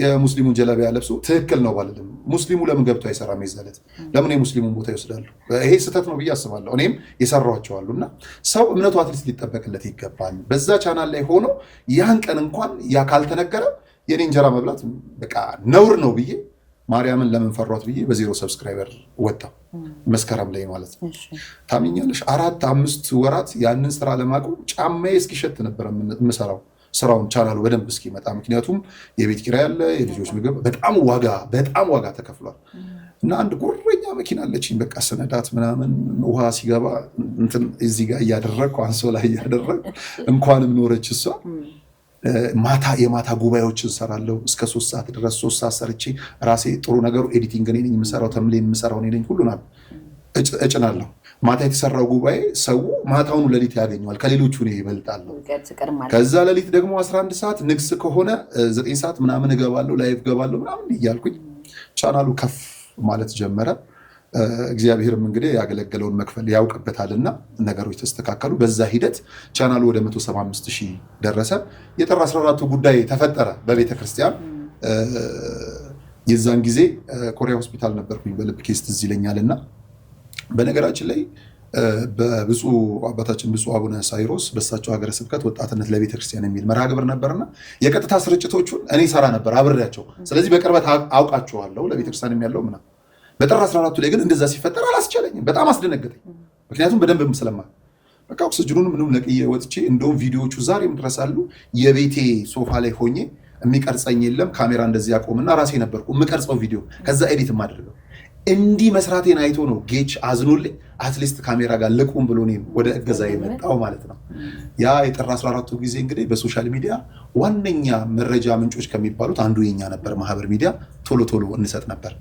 የሙስሊሙን ጀለቢያ ለብሶ ትክክል ነው ባልልም፣ ሙስሊሙ ለምን ገብቶ አይሰራም? ይዛለት ለምን የሙስሊሙን ቦታ ይወስዳሉ? ይሄ ስህተት ነው ብዬ አስባለሁ። እኔም የሰራቸዋሉ እና ሰው እምነቱ አትሊስት ሊጠበቅለት ይገባል። በዛ ቻናል ላይ ሆኖ ያን ቀን እንኳን ያ ካልተነገረ የኔ እንጀራ መብላት በቃ ነውር ነው ብዬ ማርያምን ለምን ፈሯት ብዬ በዜሮ ሰብስክራይበር ወጣ መስከረም ላይ ማለት ነው። ታምኛለሽ? አራት አምስት ወራት ያንን ስራ ለማቆም ጫማዬ እስኪሸት ነበር የምሰራው ስራውን ቻናሉ በደንብ እስኪመጣ። ምክንያቱም የቤት ኪራይ አለ፣ የልጆች ምግብ፣ በጣም ዋጋ በጣም ዋጋ ተከፍሏል። እና አንድ ጉረኛ መኪና አለችኝ። በቃ ስነዳት ምናምን ውሃ ሲገባ እንትን እዚህ ጋር እያደረግኩ አንሶላ እያደረግኩ እንኳንም ኖረች እሷ። ማታ የማታ ጉባኤዎች እንሰራለሁ እስከ ሶስት ሰዓት ድረስ ሶስት ሰዓት ሰርቼ ራሴ ጥሩ ነገሩ ኤዲቲንግ እኔ ነኝ የምሰራው፣ ተምሌ የምሰራው እኔ ነኝ፣ ሁሉን እጭናለሁ ማታ የተሰራው ጉባኤ ሰው ማታውኑ ሌሊት ያገኘዋል። ከሌሎቹ እኔ ይበልጣል። ከዛ ሌሊት ደግሞ 11 ሰዓት ንግስ ከሆነ 9 ሰዓት ምናምን እገባለሁ፣ ላይቭ እገባለሁ ምናምን እያልኩኝ ቻናሉ ከፍ ማለት ጀመረ። እግዚአብሔርም እንግዲህ ያገለገለውን መክፈል ያውቅበታልና ነገሮች ተስተካከሉ። በዛ ሂደት ቻናሉ ወደ 175 ሺህ ደረሰ። የጥር 14 ጉዳይ ተፈጠረ በቤተ ክርስቲያን። የዛን ጊዜ ኮሪያ ሆስፒታል ነበርኩኝ በልብ ኬስ ትዝ ይለኛልና በነገራችን ላይ በብፁ አባታችን ብፁ አቡነ ሳይሮስ በሳቸው ሀገረ ስብከት ወጣትነት ለቤተ ክርስቲያን የሚል መርሃ ግብር ነበርና የቀጥታ ስርጭቶቹን እኔ ሰራ ነበር አብሬያቸው። ስለዚህ በቅርበት አውቃቸዋለሁ ለቤተ ክርስቲያን የሚያለው ምናምን። በጥር 14 ላይ ግን እንደዛ ሲፈጠር አላስቻለኝም፣ በጣም አስደነገጠኝ። ምክንያቱም በደንብ ስለማ በቃ ኦክስጅኑን ምንም ለቅዬ ወጥቼ፣ እንደውም ቪዲዮቹ ዛሬም ድረስ አሉ። የቤቴ ሶፋ ላይ ሆኜ የሚቀርጸኝ የለም ካሜራ እንደዚህ ያቆምና ራሴ ነበርኩ የምቀርጸው ቪዲዮ ከዛ ኤዲት የማደርገው እንዲህ መስራቴን አይቶ ነው ጌች አዝኖልኝ አትሊስት ካሜራ ጋር ልቁም ብሎ እኔን ወደ እገዛ የመጣው ማለት ነው። ያ የጥር 14 ጊዜ እንግዲህ በሶሻል ሚዲያ ዋነኛ መረጃ ምንጮች ከሚባሉት አንዱ የኛ ነበር። ማህበር ሚዲያ ቶሎ ቶሎ እንሰጥ ነበር።